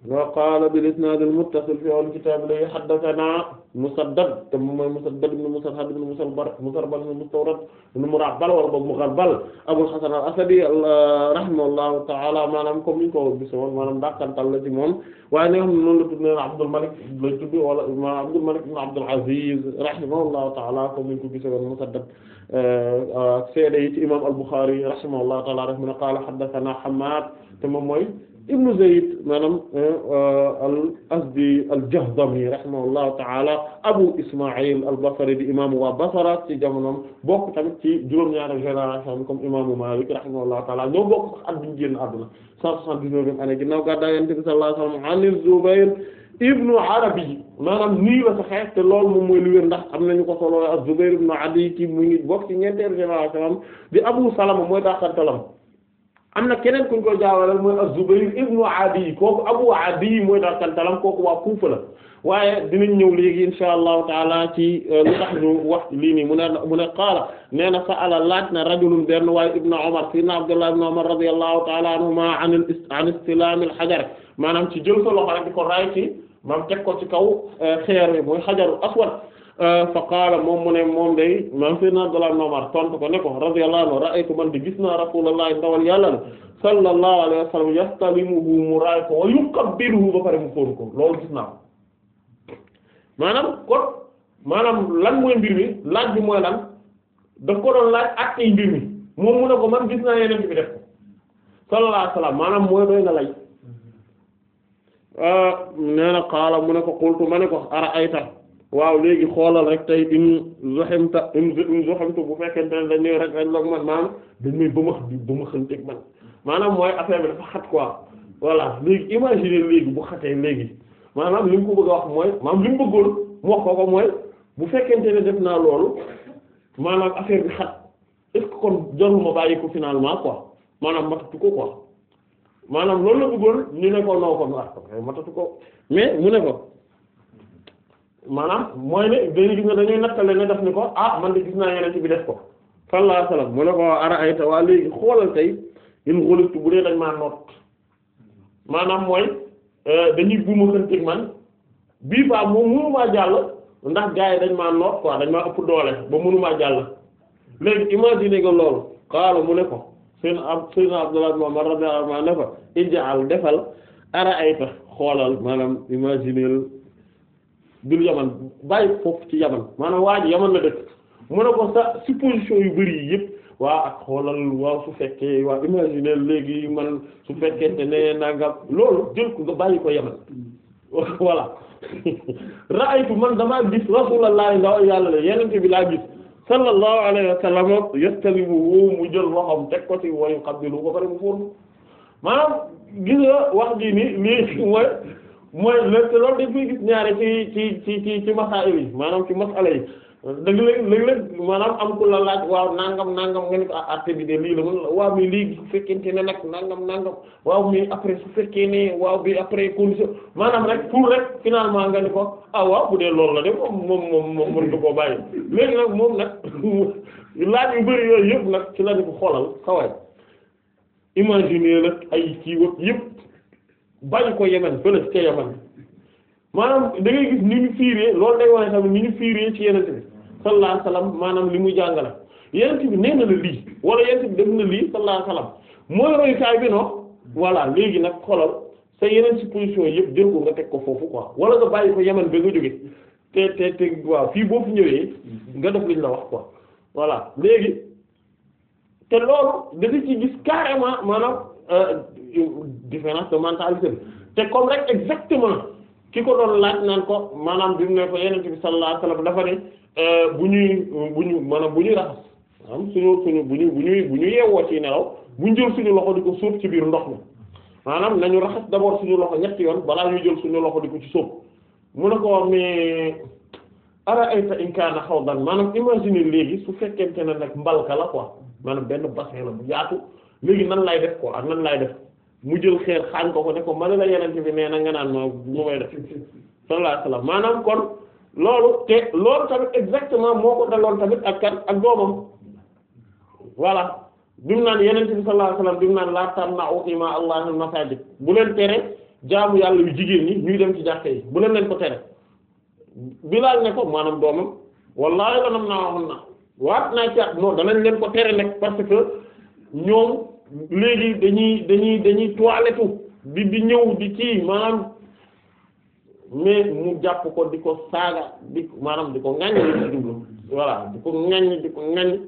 wa qaala bil isnaad al muttasil fi al kitaab li haddathanaa Musaddad te moom mooy Musaddad ibn Musarhad ibn Musarbal Musarbal ibn Mustawrad ibn Murabal wala boog Mugharbal Abul Hasan al Asadi rahimahullahu ta'ala maanaam comme ni ñu ko gisee woon maanaam dàqantal la ci moom waaye li nga xam ne noonu la tudd na Abdul Malik la tudd wala maanaam Abdul Malik ibn Abdul Aziz rahimahullahu ta'ala comme ni ñu ko gisee woon Musaddad euh, seede yi ci imaam al Bukhari rahimahullahu ta'ala daf mën a qaala haddathanaa Hammaad te moom mooy. ibnu Zayd maanaam eh, al Azdi al Jahdami rahimahullahu ta'ala Abu Isma'il al Basri di imaamu waa Basra ci jamonoom bokk tamit ci juróom-ñaari génération comme imaamu Maalik rahimahullahu ta'ala ñoo bokk sax at bi ñu génn àdduna 179 année ginnaaw gàddaay Yonent bi sallallahu alayhi wa sallam an Zubayr ibnu Arabi maanaam nii la sa xeex te loolu moom mooy lu wér ndax am nañu ko solo ak Zubayr ibnu Adi ki mu ngi bokk ci ñeenteelu génération am di Abu Salama mooy daa xantalam am na keneen kuñ ko jaawalal mooy az-Zubayr ibnu ko kooku Abu Adi mooy darkantalam kooku waa Kuufa la waaye dinañ ñëw léegi insha allahu taala ci euh, lu tax ñu wax lii nii mu ne mu ne qaala nee na sa'ala laaj na rajulun benn waaye ibnu Umar sayyidina Abdullah ibnu Umar radiyallahu taala anhuma an an ci jël sa loxo rek di ko raay ci maam teg ko ci kaw euh, xeer mooy xajaru aswad Euh, fa qaala moom mu ne moom day mam sayyidina Abdullah ibn Umar tontu ko ne ko radiyallahu anhu ra'aytu man di gis naa rasulullah ndawal yàlla la sallallahu alayhi wa sallam yastalimuhu mu raay ko wa yukabbiruhu ba pare mu fóon ko loolu gis naa ko maanaam kon maanaam lan mooy mbir mi laaj bi mooy lan daf ko doon laaj ak ay mbir mi moom mu ne ko man gis naa yeneen bi def ko sallallahu alayhi wa sallam maanaam mooy doy na lay mm-hmm. euh, nee na qaala mu ne ko qultu ma ne ko ara ayta waaw léegi xoolal rek tey in zoximta in zoximta bu fekkente ne dañ ne rek rek loog man maanaam dañ may ba ma ba ma man maanaam mooy affaire bi dafa xat quoi voilà léegi imaginer léegi bu xatee léegi maanaam li mu ko bëgg wax mooy maanaam li mu bëggoon wax ko mooy bu fekkente ne def naa lool maanaam affaire bi xat est-ce que kon jarul ma bàyyi ko finalement quoi maanaam matatu ko quoi maanaam loolu la bëggoon ñu ne ko noo ko ah matatu ko mais mu ne ko maanaam mooy ne dañuy gis nattale ne def ni ko ah man de gis naa yeneen bi def ko fan alayhi wasallam mu ne ko ara ay ta waa maa maanaam mooy euh, dañuy buuma xëntig man bii faa dañ maa noot quoi dañ maa ëpp doole ba jàll léegi imagine nga loolu xaala mu ne ko ko ij'al defal ara ay ta xoolal maanaam bil yaman bàyyi foofu ci yaman maanaam waa ji yaman la dëkk mu ne ko sa supposition yu bëri yi yëpp waa ak xoolal waaw su fekkee waa imaginer léegi man su fekkee te ne nanga loolu jël ko nga bàyyi ko yaman voilà ra'aytu man damaa gis rasulullah nga yàlla la yenente bi laa gis sallallahu alayhi wa sallam yastalimu woo mu jël loxoom teg ko ci wayu xabbilu ko pare mu fóornu maanaam gis nga wax ji ni lii mooy mooy léegi loolu de koy gis ñaare ci ci ci ci ci masaa'il yi maanaam ci masala yi dëgg léeg maanaam am ku la laaj waaw nangam nangam nga ni ah ah bi de lii la mën waaw mi léegi su fekkente waaw mi après su fekkee ne waaw bi après condition maanaam rek pour rek finalement nga ni ko ah waaw bu dee loolu la de moom moom moom moom mënut moom laaj yu bari yooyu yëpp nag ci la ni ko xoolal xawaay imaginer la ay kii wëpp yëpp. bàyyi ko yemen fële ca yemen maanaam da gis ni ñu fiiree loolu day wane tamit ni ñu fiiree ci yenente bi sallallahu alayhi maanaam li mu jàngale yenente bi nee na la lii wala yenente bi def na lii sallallahu alayhi wasallam mooy royukaay bi noonu voilà léegi nag xolal sa yeneen si position yëpp jël ko nga teg ko foofu quoi wala nga bàyyi ko yemen ba nga jóge te te te waaw fii boo fi ñëwee nga def liñ la wax quoi voilà léegi te loolu dafa ci gis carrément maanaam euh, différence de mentalité te comme rek exactement ki ko doon laaj naan ko maanaam bi mu ne ko yeneen bi sallallahu alayhi wasallam dafa ne euh, bu ñuy bu ñu maanaam bu ñuy raxas maanaam suñu suñu bu ñuy bu ñuy bu ñu yeewoo ci nelaw bu ñu jël suñu loxo di ko sóob ci biir ndox mi maanaam nañu raxas d'abord suñu loxo ñetti yoon balaa ñuy jël suñu loxo di ko ci sóob mu ne ko mais ara ayta in kaana xawdan maanaam imaginer léegi su fekkente ne nag mbalka la quoi maanaam benn ba la bu léegi nan lay def quoi nan lay def. mu jël xeer xaañ ko ko ne ko mën la yenente bi nee na naan ma mu may def sallallahu alayhi wasallam maanaam kon loolu te loolu tamit exactement moo ko daloon tamit ak kan ak doomam voilà bi naan yenente bi sallallahu alayhi wasallam bi naan laa tamna'u ima allahil masajid bu leen tere jaamu yàlla yu jigéen ñi ñuy dem ci jàkka yi bu leen leen ko tere Bilaal ne ko maanaam doomam wallaahi lanam naa waxoon na waat naa ci at danañ leen ko tere nag parce que ñoom léegi dañuy dañuy dañuy toilette bi bi ñëw di kii maanaam mais mu jàpp ko di ko saaga di maanaam di ko ŋaññi di jublu voilà di ko ŋaññi di ko ŋaññi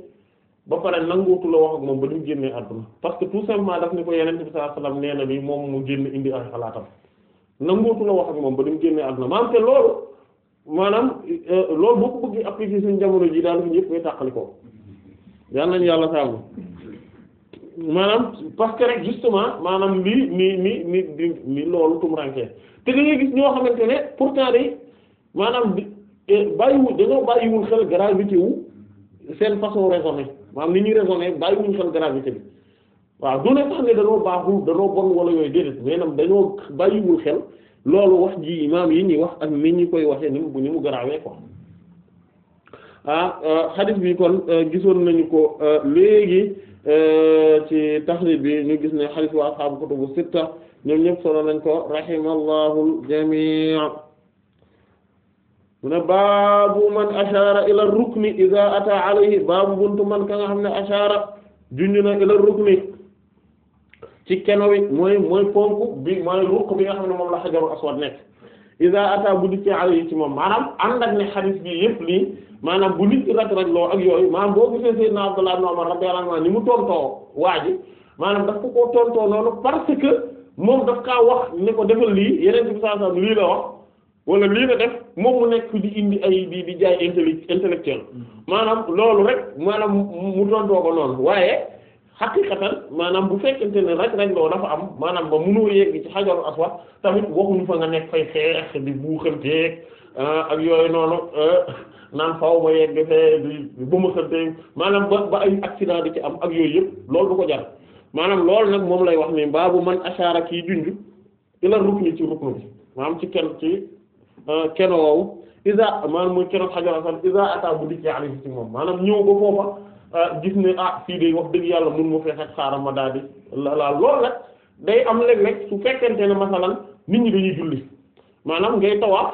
ba pare nangootu la wax ak moom ba ñu génnee àdduna parce que tout simplement daf ni ko yeneen bi sallallahu alayhi wasallam nee na lii moom mu génn indi ay xalaatam nangootu la wax ak moom ba ñu génnee àdduna maanaam te loolu maanaam euh, loolu boo ko bëgg appliquer suñu jamono ji daal fi ñëpp ngay tàqali ko yal nañu yàlla sàmm maanaam parce que rek justement maanaam lii nii nii ni di ni loolu tumuranke te da ngay gis ñoo xamante ne pourtant day maanaam eh, bàyyiwu dañoo bàyyiwul xel gravité wu seen façon raisonner maanaam ni ñuy raisonner bàyyiwul xel gravité bi waaw du ne sax ne dañoo baaxul dañoo bon wala yooyu déedéet mais nag dañoo bàyyiwul xel loolu wax ji imaam yi ñuy wax ak ni ñu koy waxee ni mu ni mu garaawee quoi ah euh, bi kon euh, gisoon nañu ko euh, léegi Euh, ci taxrij bi ñu gis ne xadis wa ashaabu kutubu sitta ñoom ñëpp solo nañ ko rahimallahu al-jamii mu ne baabu man ashaara ila rukni iza ata alayhi baabu buntu man ka nga xam ne ashaara junju na ila rukni ci keno wi mooy mooy ponk bi mooy rukk bi nga xam ne moom la xajaru aswad nekk iza ata bu dikkee alay ci moom maanaam ànd ak ne xadis bi yëpp lii maanaam bu nit raj raj loo ak yooyu maanaam boo gisee sayyidna Abdullah ibn Umar radiyallahu anhu ni mu tontoo waa ji maanaam daf ko koo tontoo noonu parce que moom daf kaa wax ne ko defal lii yeneen bi sallallahu alayhi wasallam lii la wax wala lii la def moom mu nekk di indi ay di di jaay intellectuel mm-hmm. maanaam loolu rek maanaam mu tontoo ko noonu waaye xaqiqatan maanaam bu fekkente ne raj raj loo dafa am maanaam ba mënoo yegg ci xajarul aswad tamit waxuñu fa nga nekk fay xeex di buuxanteeg ah, ak yooyu noonu ah, naan faw ma yegg fee di bëmaxanteeg maanaam ba di ci am ak yooyu yëpp loolu du ko jar maanaam loolu nag moom lay wax ni baabu man ashaara kii junj ila rukni ci ruknu ci kenn ci ah, kenn woowu isa maanaam muy kenn xajarul aswad isa ata bu dikkee alayhi ci moom maanaam ñëw ba foofa Ah, gis ne ah fii de wax dëgg yàlla mun ma fee xaj ma daal di laa lool nag day am léeg rek su fekkente ne masalan nit ñi dañuy julli maanaam ngay tawaaf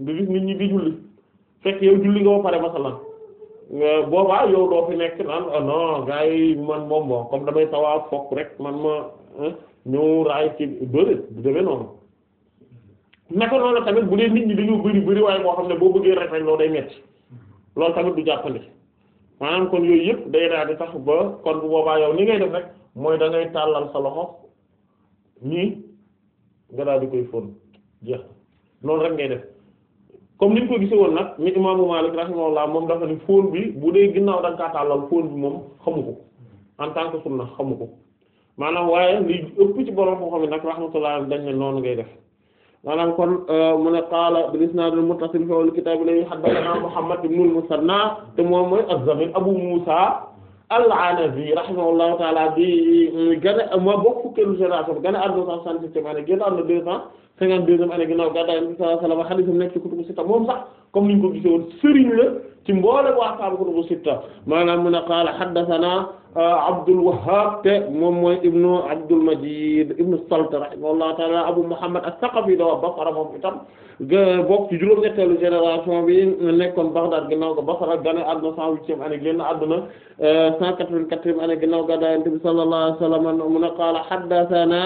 nga gis nit ñi di julli fekk nga ba pare masalan boobaa yow nekk naan ah non gars yi man moom bon comme damay rek man ma ah, ñëw raay ci bëri du demee noonu naka nit ñi dañoo bëri bëri waaye boo xam ne boo bëggee rafet loo day metti lool tamit du jàppandi. maanaam kon yooyu yëpp day daal di tax ba kon bu boobaa yow ni ngay def rek mooy dangay tàllal sa loxo nii nga daal di koy fóon jeex noonu rek ngay def comme ni ñu ko gisee woon nag ni imaamu Maalik rahimahullah moom dafa ni fóon bi bu dee ginnaaw da nga kaa tàllal fóon bi moom xamu ko en tant que na xamu ko maanaam waaye li ëpp ci borom koo xam ne nag rahmatullah dañ ne noonu ngay def. maanaam kon euh, mu ne qaala bil isnaad al muttasil fi al kitaab li haddathanaa Muhammad ibn al Musanna te moom mooy az-Zamin Abu Musa al-Anazi rahimahullahu ta'ala bi mm, gane ma bokk fukkeelu génération gane àdduna 167 année génn àdduna 252 année ginnaaw gàddaay Yonent bi sallallahu alayhi wa sallam hadiis nekk ci kutubu sitta moom sax comme niñ ko gisee woon sëriñ la ci mboole bu ashaabu kutubu sitta maanaam mu ne qaala haddathana euh, Abdul Wahhab te moom mooy ibnu Abdul Majid ibnu Salt rahimahullahu ta'ala Abu Muhammad as-Saqafi dawa Basra moom itam bokk ci juróom génération bi nekkoon Baghdad ginnaaw ga Basra gane àdduna cent huitième année génn àdduna euh, cent quatre-vingt-quatrième année ginnaaw ga Yonent bi sallallahu alayhi wa sallam qaala haddathana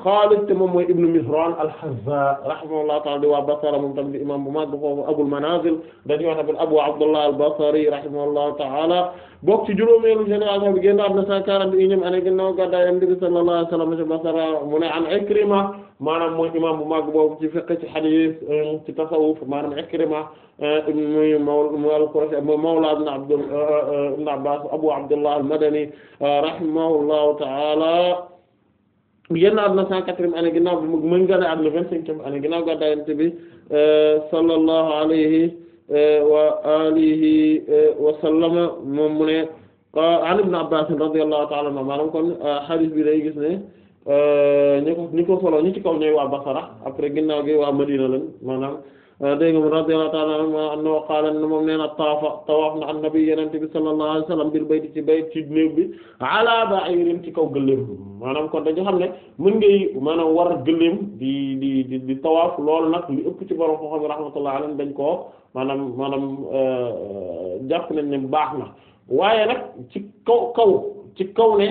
Xaalid te moom mooy ibnu Mihran al-Hazza rahimahullahu ta'ala di waa Basra moom tamit di imam bu mag foofu Abul Manazil dañuy wax tamit Abu Abdullah al-Basri rahimahullahu ta'ala bokk ci juróomeelu génération bi génn am na cent quarante et unième année ginnaaw gàddaay Yonent bi sallallahu alayhi wa sallam ci Basra mu ne an Ikrima maanaam mooy imam bu mag boobu ci fiqh ci hadith ci tasawuf maanaam Ikrima euh, muy mawla al-Qurashi mawla euh, euh, ibn Abbas Abu Abdullah al-Madani rahimahullahu ta'ala génn àdduna cent quatrième année ginnaaw bi mu ngi gane àdduna vingt-cinquième année ginnaaw gàddaay Yonent bi euh, sallallahu alayhi euh, wa alihi euh, wa sallam moom mu ne an Ibn Abbas radiyallahu ta'ala anhu maanaam kon hadith bi day gis ne ñi ko ñi ko solo ñi ci kaw ñooy waa Basra après ginnaaw gi waa Madina lan maanaam dégg nga radiyallahu ta'ala anhu qaala ne moom nee na taafa tawaaf na an-nabi yenente bi sallallahu alayhi wasallam bil bayti ci bayt ci néeg bi ala ci kaw gëléem maanaam kon dañu xam ne mën ngay maanaam war gëléem di di di tawaaf loolu nag li ëpp ci borom koo xam rahmatullahi dañ ko maanaam maanaam euh, jàpp nañ ne baax na waaye nag ci kaw kaw ci kaw ne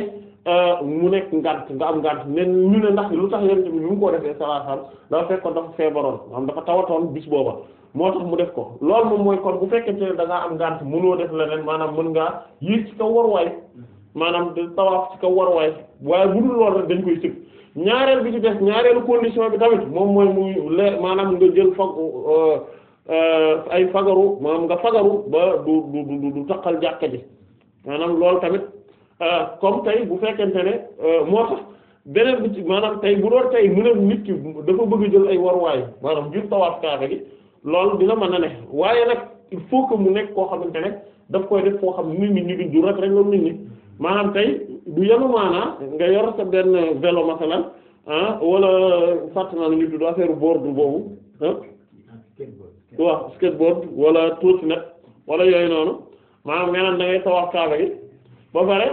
Euh, mu nekk ngant nga am ngant ne ñu ne ndax lu tax yonent bi ñu ngi koo defee sallallahu alayhi wasallam dafa fekkoon dafa feebaroon maanaam dafa tawatoon bis booba moo tax mu def ko lool moom mooy kon bu fekkente ne am ngant mënoo def leneen maanaam mën ngaa yéeg maanaam di tawaaf kaw waruwaay waaye bu dul lool rek dañ ñaareel bi ci des ñaareelu condition bi tamit moom mooy muy le maanaam nga jël fag euh, euh, ay fagaru nga fagaru ba du du du taqal jàkka ji maanaam lool tamit Euh, comme tey bu fekkente ne euh, moo tax beneen bi ci maanaam tey bu doon tey mu ne nit ki dafa bëgg jël ay waruwaay maanaam jur tawaaf kaaba gi loolu dina mën na ne waaye nag il faut que mu nekk koo xamante ne daf koy def foo xam nit ñi ñu ngi nit ñi maanaam tey du yenu maanaa nga yor sa benn vélo masalan ah fàtt naa la ñu tudd affaire board boobu ah waaw skateboard wala trottinette wala yooyu noonu maanaam nga naan da ngay tawaaf gi ba pare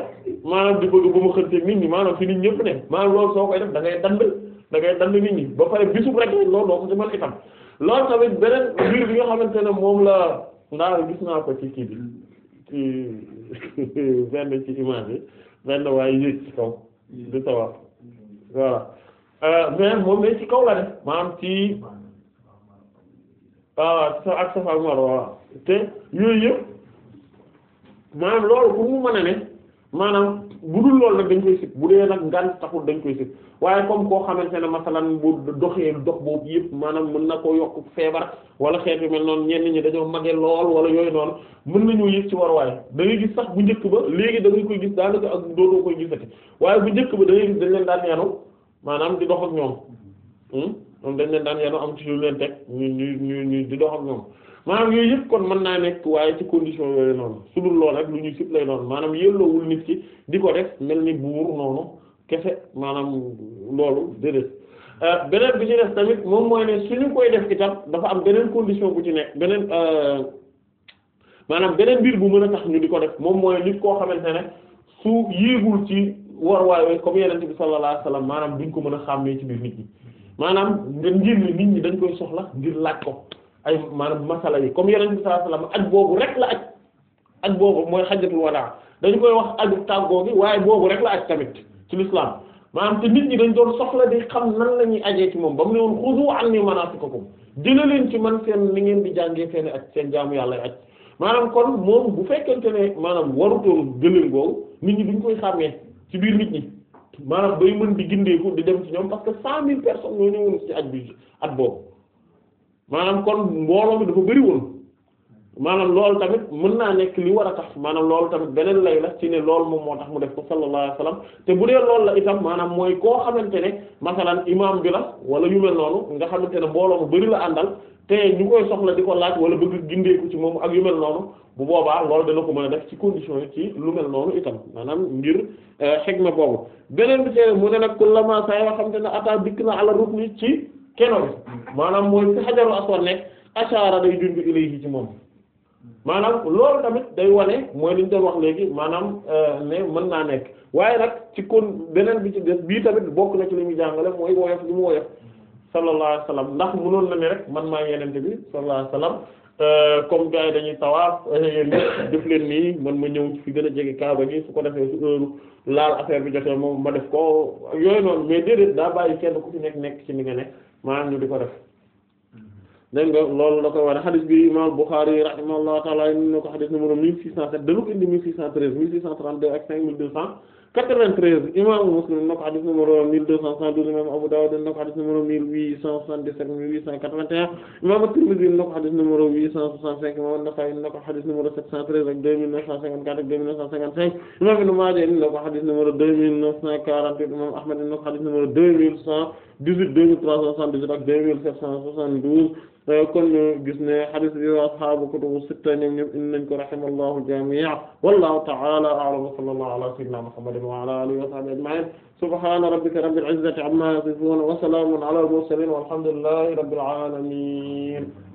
maanaam di bëgg bu ma xënte nit ñi maanaam fi nit ñëpp ne maanaam loolu soo koy def da ngay dand da ngay dand nit ñi ba pare bisub rek loolu doo ko ci mën itam loolu tamit nga xamante ne moom la ndaara ci kii bi ci benn kaw euh, moom ne ci kaw la def maanaam ci waaw ah, ak safa Marwa te yooyu yëpp maanaam loolu pour mu mën a ne maanaam bu dul loolu nag dañ koy sit bu dee nag ngànt taxul dañ koy sit waaye comme koo xamante ne masalan bu doxee dox boobu yëpp maanaam mën na koo yokk feebar wala xeetu mel noonu ñenn ñi dañoo mage lool wala yooyu noonu mën nañoo yëg ci war da ngay gis sax bu njëkk ba léegi da koy gis daanaka ak dootoo koy gisati waaye bu njëkk ba da gis dañ leen daan yenu maanaam di dox ak ñoom moom hmm? dañ leen daan yenu am ci lu leen ñu ñu ñu di dox ak ñoom maanaam yooyu yëpp kon mën naa nekk waaye ci condition yooyu noonu su dul lool rek lu ñu sib lay noonu maanaam yelloowul nit ki di ko def mel ni buur noonu kese maanaam loolu déedéet euh, beneen bi ci def tamit moom mooy ne suñu koy def itam dafa am beneen condition bu ci nekk beneen euh, maanaam beneen biir bu mën a tax ñu di ko def moom mooy nit koo xamante ne su yéegul ci war waaye comme yenente bi sallallahu maanaam duñ ko mën a xàmmee ci biir nit ñi maanaam ngir ni nit ñi dañ koy soxla ngir laaj ko ay maanaam masala yi comme yeneen bi sallallahu alayhi wasallam aj boobu rek la aj aj boobu mooy xajatul wadaa dañu koy wax aju tàggoo gi waaye boobu rek la aj tamit ci l'islam maanaam te nit ñi dañ doon soxla di xam nan la ñuy ajee ci moom ba mu ne woon xudu anni manasikakum jëla leen ci man seen li ngeen di jàngee seen aj seen jaamu yàlla aj maanaam kon moom bu fekkente ne maanaam warutoon gëléen googu nit ñi duñ koy xàmmee ci biir nit ñi maanaam bay mën di gindeeku di dem ci ñoom parce que cent mille personnes ñoo bi at boobu maanaam kon mbooloo mi dafa bëri woon maanaam loolu tamit mën naa nekk li war a tax maanaam lool tamit beneen lay la ci ne lool moom moo tax mu def ko sallallahu alayhi te bu dee loolu la itam maanaam mooy koo xamante ne masalan imaam bi la wala yu mel noonu nga xamante ne mbooloo mu bëri la àndal te ñu koy soxla di ko laaj wala bëgg gindeeku ci moom ak yu mel noonu bu boobaa loolu dana ko mën a def ci condition yi ci lu mel noonu itam maanaam ngir eh, xegma boobu beneen bi tee mu ne nag kullama saa yoo xamante ne ata dikk na ala rukni ci keno maanaam mooy fi xajaru aswad nekk ashaara day junj ilayhi ci moom maanaam loolu tamit day wane mooy li ñu doon wax léegi maanaam euh, ne mën naa nekk waaye nag ci kon beneen bi ci des bii tamit bokk na ci li ñu jàngale mooy woyof lu mu woyof sallallahu alayhi wa ndax mënoon na ne rek man maa yenente bi sallallahu alayhi wa sallam euh, comme gars yi dañuy tawaaf euh, yéen ñëpp def leen nii man ma ñëw ci fi gën a jege kaaba gi su ko defee su heure laal affaire bi jotee moom ma def ko yooyu noonu mais déedéet daa bàyyi kenn ku fi nekk nekk ci li maanaam na di ko def dégg nga da koy wane xadis bi imam Bukhari rahimahullahu taala indi na ko xadis numéro 1607 dañu ko indi 1613 1632 ak 5200 93 imaamu Muslim na ko xadis numéro 1272 imaamu Abu Dawud na ko xadis numéro 1877 1881 imaamu Tirmidhi na ko xadis numéro 865 imaamu Nasa'i na ko xadis numéro 713 ak 2954 ak 2955 imaamu Ibn Maaja na ko xadis numéro 2948 imaamu Ahmad na ko xadis numéro 2118 2378 ak 2772 Euh, kon ñu gis ne hadith bi wa ashaabu kutubu sitta ñoom ñëpp indi nañ ko rahimallahu al-jami'a wallahu ta'ala a'lam wa sallallahu ala sayyidina muhammadin wa ala alihi wa sahbihi ajma'in subhana rabbika rabbil izzati amma yasifun wa salamun ala al-mursalin walhamdulillahi rabbil alamin